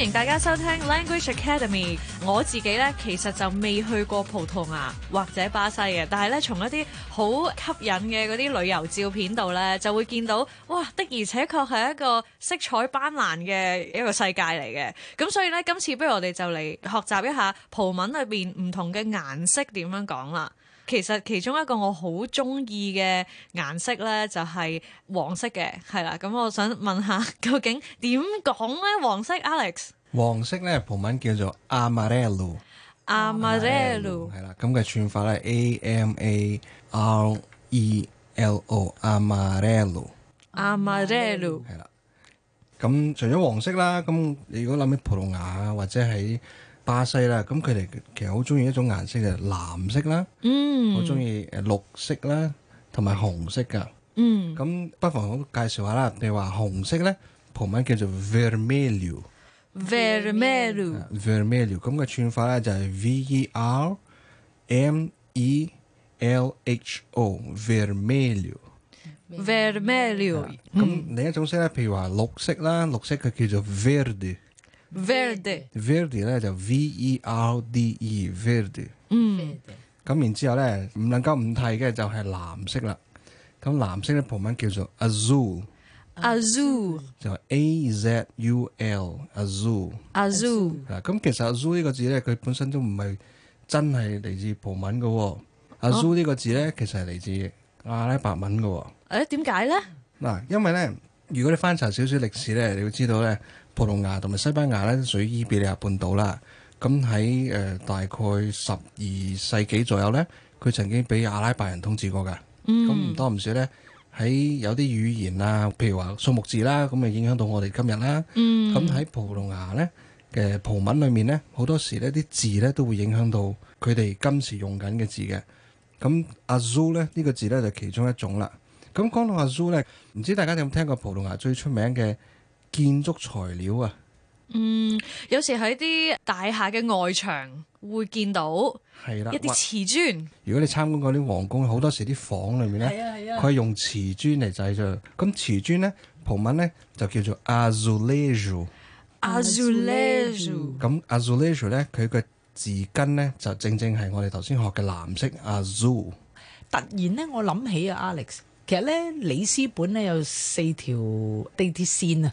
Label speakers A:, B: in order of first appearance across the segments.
A: 歡迎大家收聽 Language Academy。我自己咧，其實就未去過葡萄牙或者巴西嘅，但係咧，從一啲好吸引嘅嗰啲旅遊照片度咧，就會見到哇，的而且確係一個色彩斑斕嘅一個世界嚟嘅。咁所以咧，今次不如我哋就嚟學習一下葡文裏邊唔同嘅顏色點樣講啦。其實其中一個我好中意嘅顏色咧，就係黃色嘅，係啦。咁我想問下，究竟點講咧？黃色，Alex，
B: 黃色咧，葡文叫做
A: Amarelo，Amarelo 係啦。
B: 咁嘅串法咧，A M A R E L O，Amarelo，Amarelo 係啦。咁除咗黃色啦，咁你如果諗起葡萄牙啊，或者係，巴西啦，咁佢哋其實好中意一種顏色嘅藍色啦，
C: 好中意
B: 誒綠色啦，同埋紅色噶。嗯，咁不妨介紹下啦。你話紅色咧，葡文叫做 ver
A: vermelho，vermelho，vermelho，
B: 嗯。咁嘅 el 串法咧就係 v e r m e l h o，vermelho，vermelho。咁另一種色咧，譬如話綠色啦，綠色佢叫做 verde。
A: Verde，Verde
B: 咧就 V-E-R-D-E，Verde。嗯 Ver Ver。咁、e e, mm. 然之後咧，唔能夠唔提嘅就係藍色啦。咁藍色咧，葡文叫做
A: azul，azul、
B: 啊、就 A-Z-U-L，azul。azul。嗱，咁其實 azul 呢個字咧，佢本身都唔係真係嚟自葡文噶。azul ur .呢個字、啊、咧，其實係嚟自、啊、自阿拉伯文噶。
A: 誒、啊，點解咧？
B: 嗱，因為咧，如果你翻查少少歷史咧，你會知道咧。葡萄牙同埋西班牙咧，都屬於伊比利亞半島啦。咁喺誒大概十二世紀左右咧，佢曾經俾阿拉伯人統治過嘅。咁唔、嗯、多唔少咧，喺有啲語言啊，譬如話數目字啦，咁咪影響到我哋今日啦。
C: 咁喺、嗯、
B: 葡萄牙咧嘅葡文裏面咧，好多時呢啲字咧都會影響到佢哋今時用緊嘅字嘅。咁 azul 咧呢、呢個字咧就其中一種啦。咁講到 azul 咧，唔知大家有冇聽過葡萄牙最出名嘅建築材料啊，
A: 嗯，有時喺啲大廈嘅外牆會見到，
B: 係啦，一啲瓷磚。如果你參觀過啲皇宮，好多時啲房裏面咧，係啊係啊，佢係用瓷磚嚟製造。咁瓷磚咧，葡文咧就叫做
A: azulejo，azulejo。
B: 咁 azulejo 咧，佢嘅字根咧就正正係我哋頭先學嘅藍色 azul。Az 突然咧，我諗
D: 起啊，Alex，其實咧里斯本咧有四條地鐵線啊。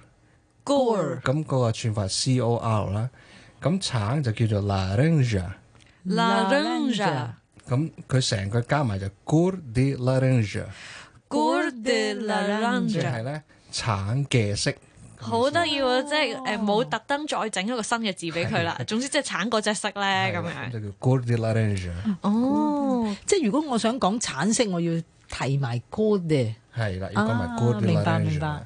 B: 咁嗰個串法 C O R 啦，咁橙就叫做
A: Laranja，Laranja，
B: 咁佢成個加埋就 Goldy Laranja，Goldy
A: Laranja。即係
B: 咧，橙嘅色。
A: 好得意喎，即係誒，冇特登再整一個新嘅字俾佢啦。總之即係橙嗰隻色咧，咁
D: 樣。
B: 就叫 Goldy Laranja。哦，
D: 即係如果我想講橙色，我要提埋 Goldy。
B: 係啦，要講埋 Goldy Laranja。明白，
D: 明白。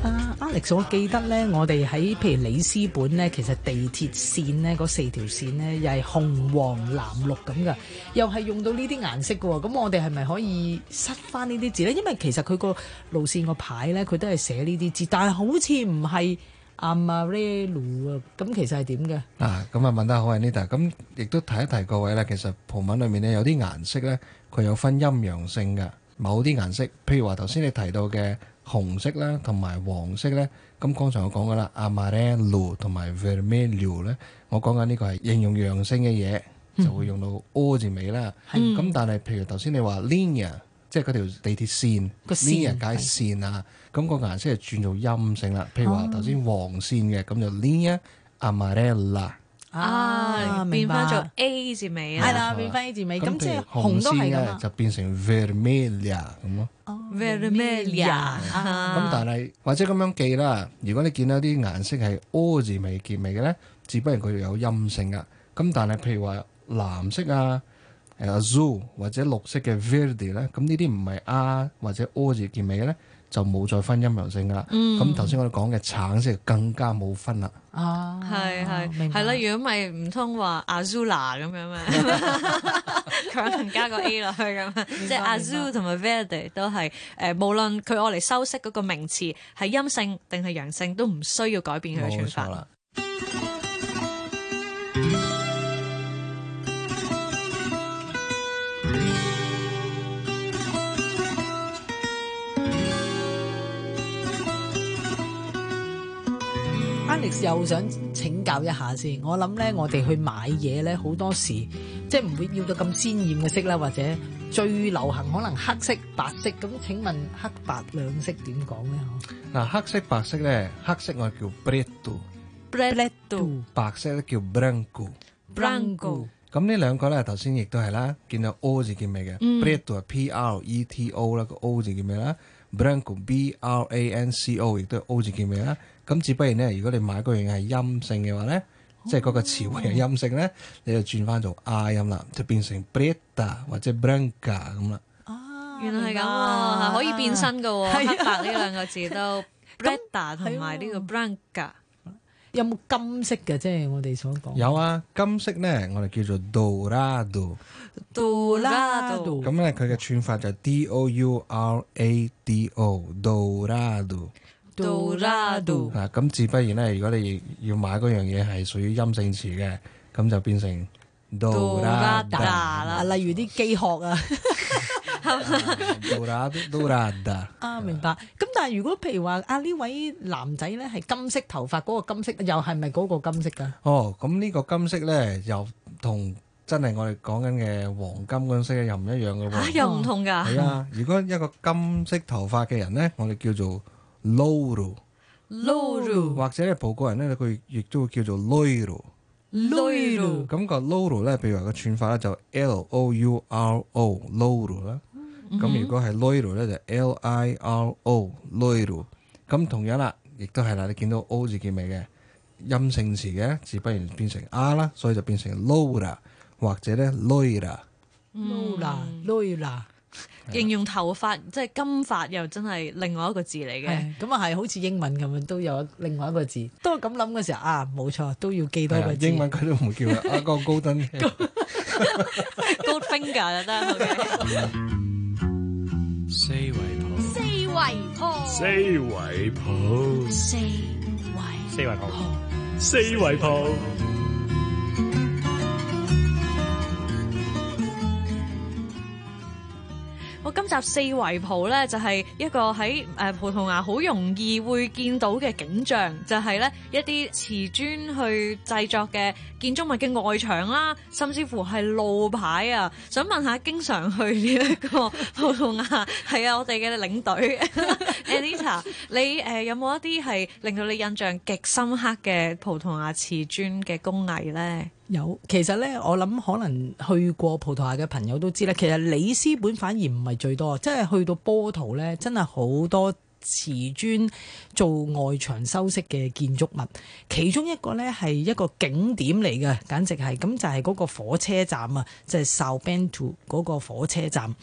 D: 啊、uh,，Alex，我記得呢，我哋喺譬如里斯本呢，其實地鐵線呢，嗰四條線呢，又係紅、黃、藍、綠咁噶，又係用到呢啲顏色噶。咁我哋係咪可以塞翻呢啲字呢？因為其實佢個路線個牌呢，佢都係寫呢啲字，但係好似唔係 Amarelo。咁其實係點嘅？
B: 啊，咁啊問得好啊，Nita。咁亦都提一提各位呢，其實葡文裏面呢，有啲顏色呢，佢有分陰陽性嘅。某啲顏色，譬如話頭先你提到嘅。紅色啦，同埋黃色咧。咁剛才我講噶啦 amarelo 同埋 vermelho 咧，我講緊呢個係應用陽性嘅嘢，嗯、就會用到 o 字尾啦。咁、嗯、但係譬如頭先你話 linear，即係嗰條地鐵線,線，linear 解線啊。咁是個顏色係轉做陰性啦。譬如話頭先黃線嘅，咁就 linear amarela 啦
A: 啊，變翻做 a 字尾啊，係啦，變翻 a 字尾，咁即係紅都
B: 係就變成 vermilia 咁咯、
A: oh，vermilia 咁、yeah, uh huh. 嗯，
B: 但係或者咁樣記啦。如果你見到啲顏色係 o 字尾結尾嘅咧，只不然佢有陰性噶。咁但係譬如話藍色啊，誒，azul，或者綠色嘅 verde 咧，咁呢啲唔係 a 或者 o 字結尾嘅咧。就冇再分陰陽性噶啦，咁頭先我哋講嘅橙色更加冇分啦。
A: 啊，係係係啦，如果唔係，唔通話阿 Zula 咁樣咩？
C: 強能加個 a 落去，咁即係 azul
A: 同埋 verde 都係誒、呃，無論佢我嚟修飾嗰個名詞係陰性定係陽性，都唔需要改變佢嘅
B: 轉法。
D: 又想請教一下先，我諗咧，我哋去買嘢咧，好多時即係唔會要到咁鮮豔嘅色啦，或者最流行，可能黑色、白色咁。請問黑白兩色點講咧？嗬，
B: 嗱，黑色、白色咧，黑色我叫 preto，preto，白色咧叫 branco，branco。咁呢兩個咧，頭先亦都係啦，見到 O 字叫咩嘅？preto 係 P R E T O 啦，個 O 字叫咩啦？Branco，B R A N C O，亦都 O 字結尾啦。咁只不如呢，如果你買嗰樣係陰性嘅話呢，oh。即係嗰個詞彙係陰性呢，你就轉翻做啊音啦，就變成 b r a n a 或者 Branca 咁啦。哦、啊，原來
A: 係咁啊，啊，可以變身嘅喎，啊、黑白呢兩個字都 b r a n a 同埋呢個
D: Branca。啊 有冇金色嘅？即係我哋所講有
B: 啊，金色咧，我哋叫做
D: dorado，dorado
A: 咁
B: 咧，佢嘅串法就 d o u r a d o，dorado，dorado 啊，咁自不然咧，如果你要買嗰樣嘢係屬於陰性詞嘅，咁就變成 dorada
D: 啦。Da, da，例如啲雞殼啊。
B: 係嘛 Dourada
D: 啊，明白。咁但係如果譬如話啊呢位男仔咧係金色頭髮嗰、那個、個金色，又係咪嗰個金色噶？
B: 哦，咁呢個金色咧又同真係我哋講緊嘅黃金嗰種色又唔一樣噶喎、啊。又唔同噶。係、嗯、啊，如果一個金色頭髮嘅人咧，我哋叫做 Louro，Louro 或者咧葡國人咧佢亦都會叫做 Louro，Louro 咁個 Louro 咧，譬如話個串法咧就 L O U R O，Louro 啦。咁如果係 Liro 咧就 L I R O，Liro，咁同樣啦，亦都係啦，你見到 O 字結尾嘅陰性詞嘅字，不如變成 R 啦，所以就變成 Lora 或者咧
D: Lira，Lora，Lira，形容頭
A: 髮即係金髮又真係另外一個字嚟嘅，咁啊係好似英文咁樣都
D: 有另外一個字。都咁諗嘅時候啊，冇錯，都要記多個字。英文佢都唔會叫啦，阿個高登，
A: 高 finger 就得。
C: 四圍抱，四
D: 圍，四圍抱，四圍抱。
A: 集四圍譜呢，就係一個喺誒葡萄牙好容易會見到嘅景象，就係、是、呢一啲瓷磚去製作嘅建築物嘅外牆啦，甚至乎係路牌啊。想問下，經常去呢一個葡萄牙係啊，我哋嘅領隊。 Anita，你誒有冇一啲係令到你印象極深刻嘅葡萄牙瓷磚嘅工藝咧？
D: 有，其實咧，我諗可能去過葡萄牙嘅朋友都知喇，其實里斯本反而唔係最多，即係去到波圖咧，真係好多。瓷磚做外牆修飾嘅建築物，其中一個咧係一個景點嚟嘅，簡直係咁就係嗰個火車站啊，就係 São Bento 嗰個火車站。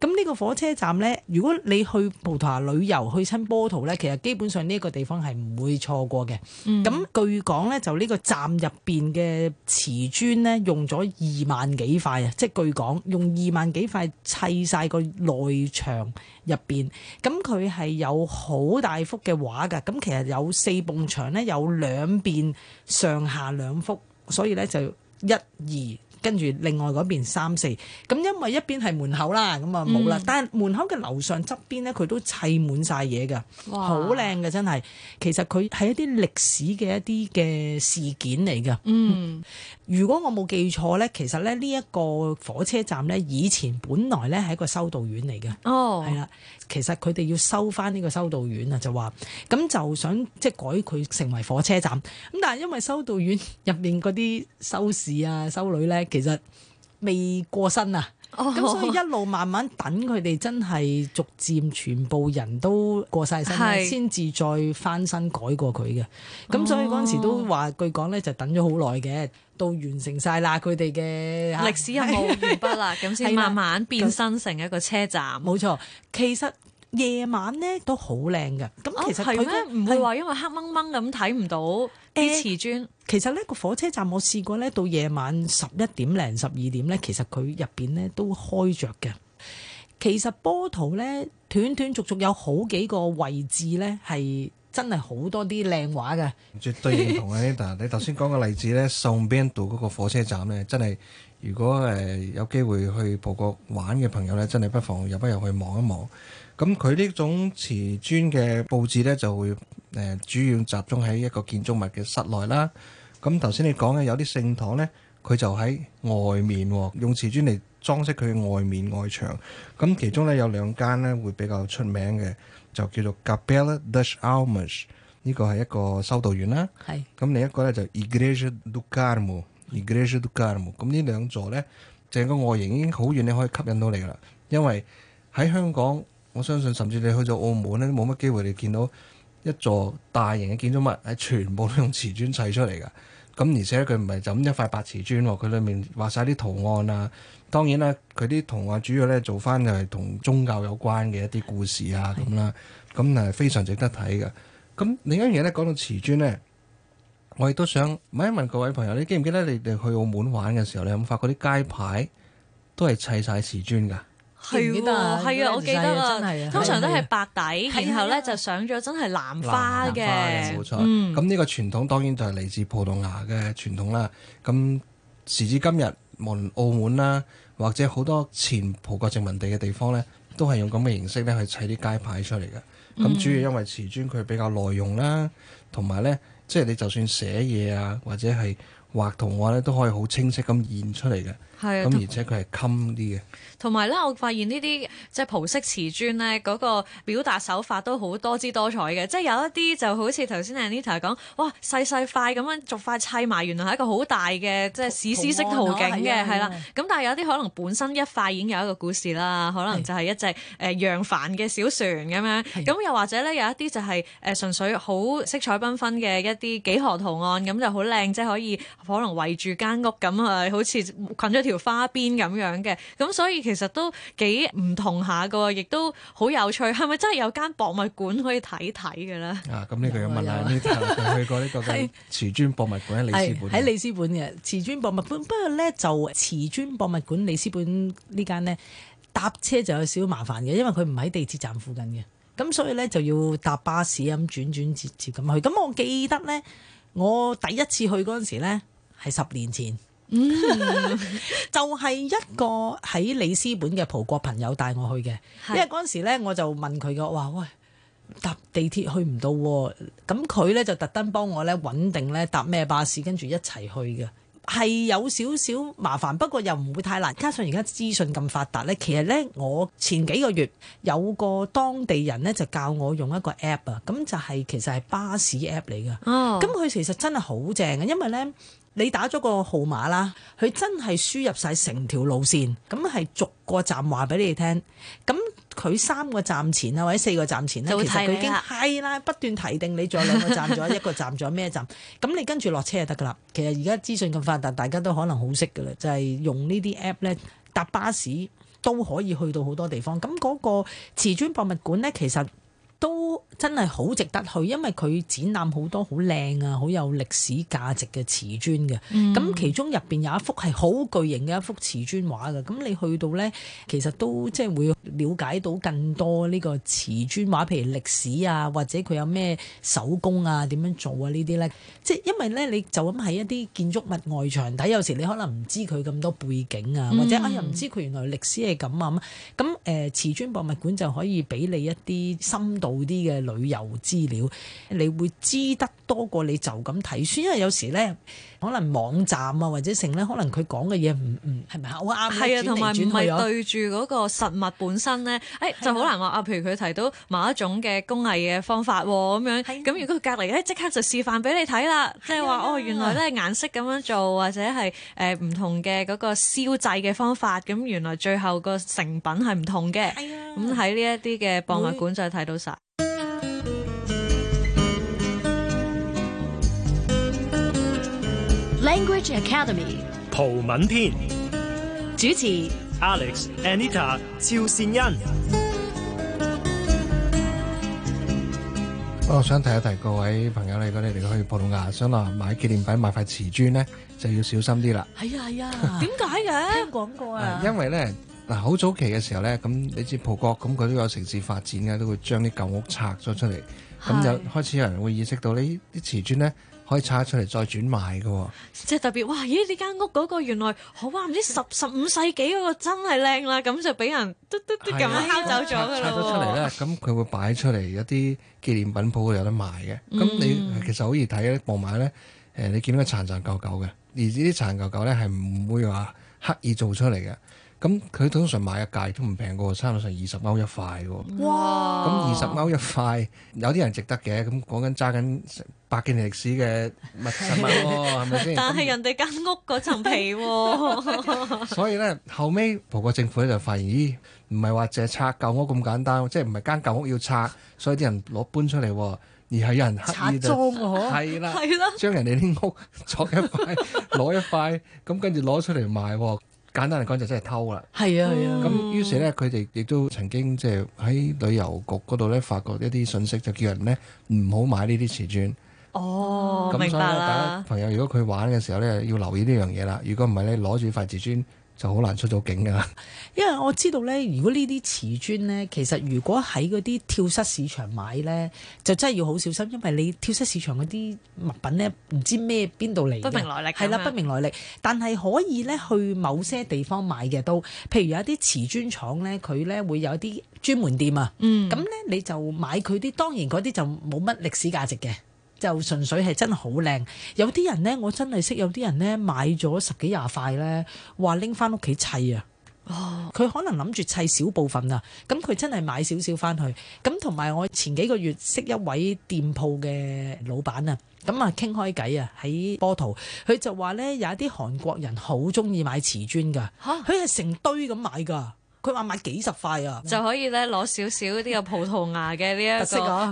D: 咁呢個火車站咧，如果你去葡萄牙旅遊去親波圖咧，其實基本上呢個地方係唔會錯過嘅。咁，嗯，據講咧，就呢個站入邊嘅瓷磚咧，用咗二萬幾塊啊，即係據講用二萬幾塊砌晒個內牆入邊，咁佢係有。好大幅嘅畫噶，咁其實有四埲牆咧，有兩邊上下兩幅，所以呢就一二，跟住另外嗰邊三四。咁因為一邊係門口啦，咁啊冇啦。嗯、但係門口嘅樓上側邊呢，佢都砌滿晒嘢噶，好靚嘅，真係。其實佢係一啲歷史嘅一啲嘅事件嚟噶。嗯，如果我冇記錯呢，其實咧呢一個火車站呢，以前本來呢係一個修道院嚟嘅。哦，係啦。其實佢哋要收返呢個修道院啊，就話咁就想即係改佢成為火車站咁，但係因為修道院入面嗰啲修士啊修女呢，其實未過身啊。咁、oh. 所以一路慢慢等佢哋真係逐漸全部人都過晒身，先至是再翻新改過佢嘅。咁、oh. 所以嗰陣時都話據講咧，就等咗好耐嘅，到完成晒啦，佢哋嘅歷史任務完畢啦，咁先 慢慢變身成一個車站。冇錯， 其實。夜晚呢都好靚嘅，咁其實佢唔係話因為黑掹掹咁睇唔到啲、欸、瓷磚磚。其實呢個火車站我試過呢到夜晚十一點零十二點呢，其實佢入邊呢都開着嘅。其實波圖呢，斷斷續續有好幾個位置呢係真係好多啲靚畫嘅，
B: 絕對認同嘅、啊。嗱， 你頭先講個例子呢，São Bento 嗰個火車站呢，真係如果誒、呃、有機會去葡國玩嘅朋友呢，真係不妨入一入去望一望。咁佢呢種瓷磚嘅佈置咧，就會誒主要集中喺一個建築物嘅室內啦。咁頭先你講嘅，有啲聖堂咧，佢就喺外面喎，用瓷磚嚟裝飾佢嘅外面外牆。咁其中咧有兩間咧會比較出名嘅，就叫做 Capela das Almas，呢個係一個修道院啦。係。咁另一個咧就 Igreja do Carmo，Igreja do Carmo。咁呢兩座咧，成個外形已經好遠你可以吸引到你啦，因為喺香港。我相信，甚至你去到澳門呢，冇乜機會你見到一座大型嘅建築物係全部都用瓷磚砌出嚟㗎。咁而且佢唔係就一塊白瓷磚，佢裏面畫晒啲圖案呀。當然啦，佢啲圖案主要呢做返就係同宗教有關嘅一啲故事啊咁啦。咁係的非常值得睇嘅。咁另一樣嘢呢，講到瓷磚呢，我亦都想問一問各位朋友，你記唔記得你哋去澳門玩嘅時候，你有冇發覺啲街牌都係砌晒瓷磚㗎？
C: 係啊，係啊，我記得啊，通常都係
A: 白底，然後咧就上咗真係藍花嘅。冇錯。嗯，
B: 咁呢個傳統當然就係嚟自葡萄牙嘅傳統啦。咁時至今日，無論澳門啦，或者好多前葡國殖民地嘅地方咧，都係用咁嘅形式咧去砌啲街牌出嚟嘅。咁主要因為瓷磚佢比較耐用啦，同埋咧，即係你就算寫嘢啊，或者係畫圖案咧，都可以好清晰咁現出嚟嘅。係啊，咁而且佢係襟啲嘅。嗯嗯
A: 同埋咧，我發現呢啲即係葡式瓷磚咧，嗰、那個表達手法都好多姿多彩嘅。即係有一啲就好似頭先 Anita 講，哇細細塊咁樣逐塊砌埋，原來係一個好大嘅即係史詩式圖景嘅，係啦案。咁、啊啊啊、但係有啲可能本身一塊已經有一個故事啦，可能就係一隻誒揚帆嘅小船咁樣。咁是又或者咧有一啲就係、是、誒、呃、純粹好色彩繽紛嘅一啲幾何圖案，咁就好靚，即係可以可能圍住間屋咁啊，好似捆咗條花邊咁樣嘅。咁所以其實。其實都幾唔同下嘅，亦都好有趣。係咪真係有間博物館可以睇睇嘅咧？啊，
B: 咁呢個有問下？呢頭就去過呢個嘅瓷磚博物館喺里是斯本。喺里
D: 斯本嘅瓷磚博物館，不過咧就瓷磚博物館里斯本呢間呢，搭車就有少少麻煩嘅，因為佢唔喺地鐵站附近嘅，咁所以咧就要搭巴士咁轉轉接接咁去。咁我記得咧，我第一次去嗰陣時咧係十年前。 就係一個喺里斯本嘅葡國朋友帶我去嘅，是因為嗰陣時呢我就問佢嘅，話，喂，搭地鐵去唔到喎，咁佢呢，就特登幫我呢揾定呢搭咩巴士，跟住一齊去嘅，係有少少麻煩，不過又唔會太難，加上而家資訊咁發達呢，其實呢，我前幾個月有個當地人呢，就教我用一個 app 啊、就是，咁就係其實係巴士 app 嚟㗎，哦，咁佢其實真係好正嘅，因為呢。你打咗個號碼啦，佢真係輸入晒成條路線，咁係逐個站話俾你聽。咁佢三個站前啊，或者四個站前咧，啊、其實佢已經係啦，不斷提定你仲有兩個站左 一個站左咩站。咁你跟住落車就得噶啦。其實而家資訊咁發達，大家都可能好識噶啦，就係、是、用呢啲 app 呢，搭巴士都可以去到好多地方。咁嗰個瓷磚博物館呢，其實，都真係好值得去，因為佢展覽好多好靚啊、好有歷史價值嘅瓷磚嘅。咁、mm hmm. 其中入邊有一幅係好巨型嘅一幅瓷磚畫嘅。咁你去到咧，其實都即係會了解到更多呢個瓷磚畫，譬如歷史啊，或者佢有咩手工啊、點樣做啊呢啲咧。即係因為咧，你就咁喺一啲建築物外牆睇，有時你可能唔知佢咁多背景啊，mm hmm. 或者啊又唔知佢原來歷史係咁啊咁。誒、呃、瓷磚博物館就可以俾你一啲深度啲嘅旅遊資料，你會知得多過你就咁睇，因為有時咧，可能網站啊或者成咧，可能佢講嘅嘢唔唔
A: 係咪好啱？係啊，同埋唔係對住嗰個實物本身咧，誒、欸、就好難話啊。譬的如佢提到某一種嘅工藝嘅方法咁樣，咁的如果佢隔籬咧即刻就示範俾你睇啦，的即係話哦，原來咧顏色咁樣做或者係誒唔同嘅嗰個燒製嘅方法，咁原來最後個成品係唔同嘅。係啊，咁喺呢一啲嘅博物館就睇到晒。Language Academy
B: 葡文篇，主持
A: Alex Anita、Anita、趙善恩。
B: 我想提一提各位朋友，你如果你哋去葡萄牙想話買紀念品，買塊瓷磚咧，就要小心啲啦。係
C: 啊係啊，點解
A: 嘅？聽廣告啊。為 因
B: 為咧嗱，好早期嘅時候咧，咁你知葡國咁，佢、那、呢個城市發展咧，都會將啲舊屋拆咗出嚟，咁是就開始有人會意識到呢啲瓷磚咧。可以拆出嚟再轉賣㗎，即
A: 係特別哇！咦，呢間屋嗰個原來好啊，唔知十十五世紀嗰個真係靚啦，咁 就俾人都都都咁樣敲走咗嘅咯。拆咗出嚟咧，
B: 咁佢 會擺出嚟一啲紀念品鋪度有得賣嘅。咁你、嗯、其實好易睇，咧，望埋咧，誒,你見到個殘殘舊舊嘅，而呢啲殘舊舊咧係唔會話刻意做出嚟嘅。咁佢通常買一界都唔平過，差唔多成二十歐一塊嘅。哇！咁二十歐一塊，有啲人值得嘅。咁講緊揸緊百幾年歷史嘅物質物，係咪先？但係人
A: 哋間屋嗰層皮喎、
B: 啊。 所以咧，後尾葡國政府咧就發現，咦，唔係話淨係拆舊屋咁簡單，即係唔係間舊屋要拆，所以啲人攞搬出嚟，而係有人刻意就拆啦，將人哋啲屋作一塊攞一塊，咁跟住攞出嚟賣。簡單嚟講就真係偷啦，係啊，係啊。咁於是咧，佢哋亦都曾經即係喺旅遊局嗰度咧發覺一啲信息，就叫人咧唔好買呢啲瓷磚。
A: 哦，明白啦。
B: 朋友，如果佢玩嘅時候咧，要留意要呢樣嘢啦。如果唔係咧，攞住塊瓷磚，就好難出到境㗎，因為我知道呢，如果呢啲瓷磚呢，其實如果
D: 喺嗰啲跳蚤市場買呢，就真係要好小心，因為你跳蚤市場嗰啲物品呢，唔知咩邊度嚟，不明來歷係啦，嗯、不明來歷，但係可以呢去某些地方買嘅都，譬如有一啲瓷磚廠呢，佢呢會有啲專門店啊，咁呢、嗯、你就買佢啲，當然嗰啲就冇乜歷史價值嘅。就純粹係真係好靚，有啲人呢，我真係識有啲人呢，買咗十幾廿塊呢，話拎翻屋企砌啊。哦，佢可能諗住砌小部分啊，咁佢真係買少少翻去。咁同埋我前幾個月識一位店鋪嘅老闆啊，咁啊傾開偈啊喺波圖，佢就話呢，有一啲韓國人好中意買瓷磚噶，佢係哈成堆咁買噶。佢話買幾十塊啊，就可
A: 以咧攞少少呢個葡萄牙嘅呢一個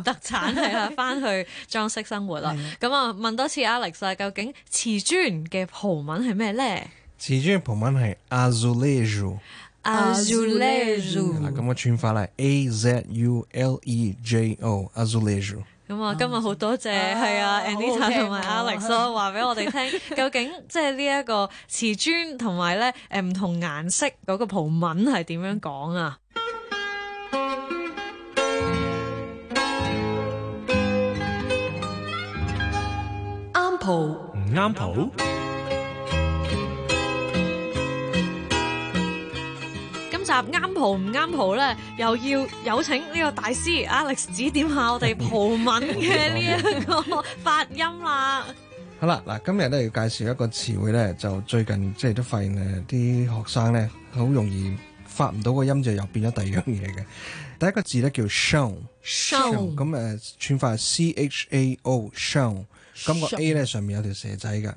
A: 特產係啊，翻去裝飾生活啦。咁啊問多次 Alex 啊，究竟瓷磚嘅葡文係咩咧？
B: 瓷磚嘅葡文係 azulejo，azulejo。咁我串返啦，A-Z-U-L-E-J-O，azulejo。
A: 咁啊，今日的妮好多謝係啊，Anita 同埋 Alex 咯的，話俾我哋聽， 究竟即係呢一個瓷磚同埋咧誒唔同顏色嗰個葡文係點樣講 啊？啱蒲、啊，唔啱蒲。 答啱蒲唔啱蒲咧，又要有請呢個大師 Alex 指點下我哋葡文嘅呢一個發音啦。
B: 好啦，嗱今日咧要介紹一個詞彙咧，就最近即係都發現誒啲學生咧好容易發唔到個音，就又變咗第二樣嘢嘅。 第一個字咧叫 show，咁誒串發 c h a o show。咁個 A 咧上面有條蛇仔嘅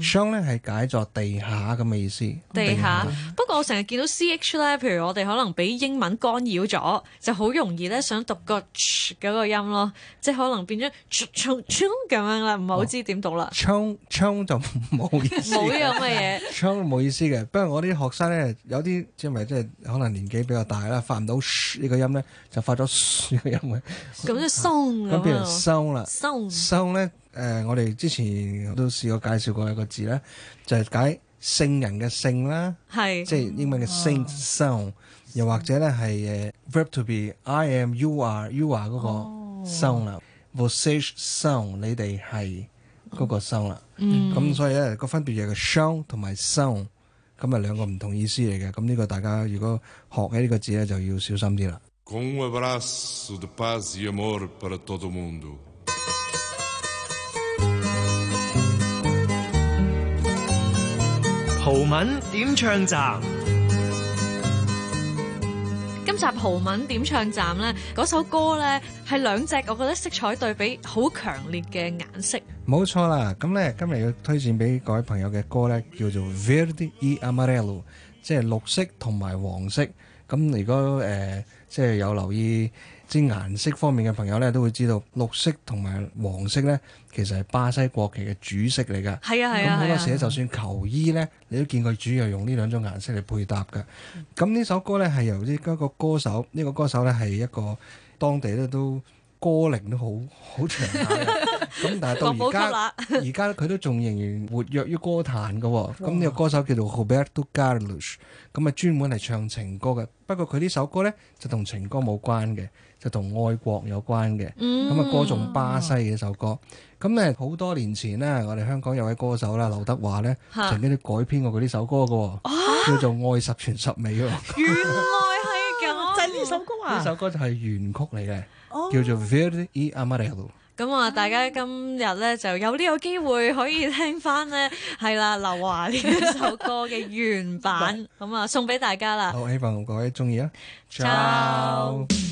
B: ，chong 咧係解作地下咁嘅意思。地下，地下，
A: 不過我成日見到 C H 咧，譬如我哋可能俾英文干擾咗，就好容易咧想讀個 ch 嗰個音咯，即係可能變咗 c h chong 咁樣啦，唔係好知點讀啦。
B: chong chong、哦、就冇意思，冇呢樣嘅嘢。chong 冇意思嘅，不過 我啲學生咧有啲即係咪即係可能年紀比較大啦，發唔到呢個音咧，就發咗 sh 個音嘅，咁就鬆咁變嚟啦，收收咧。上誒、呃，我哋之前都試過介紹過一個字咧，就係、是、解聖人嘅聖啦，係是即係英文嘅 Saint sound，哇又或者咧係誒 verb to be I am you are you are 嗰個 sound, S、哦、sound 啦 vocish sound 你哋係嗰個 sound 啦，咁、嗯、所以咧、那個分別就係 s h n w 同埋 sound，咁啊兩個唔同意思嚟嘅，咁呢個大家如果學起呢個字咧就要小心
C: 啲啦。葡文
B: 點
A: 唱站？今集葡文點唱站咧，嗰首歌咧係兩隻，我覺得色彩對比好強烈嘅顏色。
B: 冇錯啦，咁咧今日要推薦俾各位朋友嘅歌咧，叫做 Verde e Amarelo，即係綠色同埋黃色。咁如果誒，即係有留意。知顏色方面嘅朋友咧，都會知道綠色同埋黃色咧，其實係巴西國旗嘅主色嚟㗎。係啊係啊。咁好多時，啊、就算球衣咧，你都見佢主要用呢兩種顏色嚟配搭㗎。咁呢、嗯、首歌咧係由呢個歌手，呢、呢個歌手咧係一個當地咧都歌齡都好好長
C: 下嘅。咁 但係到而家
B: 而家佢都仲仍然活躍於歌壇㗎。咁呢、哦、個歌手叫做 Roberto Carlos，咁啊專門係唱情歌嘅。不過佢呢首歌咧就同情歌冇關嘅。就同愛國有關嘅，咁啊歌頌巴西嘅一首歌，咁咧好多年前咧，我哋香港有位歌手啦，劉德華咧曾經都改編過佢呢首歌噶，叫做《愛十全十美》喎。原
C: 來
A: 係咁，就係呢首歌啊！呢首
B: 歌就係原曲嚟嘅，叫做 Verde e Amarelo。
A: 咁啊，大家今日咧就有呢個機會可以聽翻咧，係啦，劉華呢首歌嘅原版，咁啊送俾大家啦。
B: 好，希望各位中意啊！Cheers。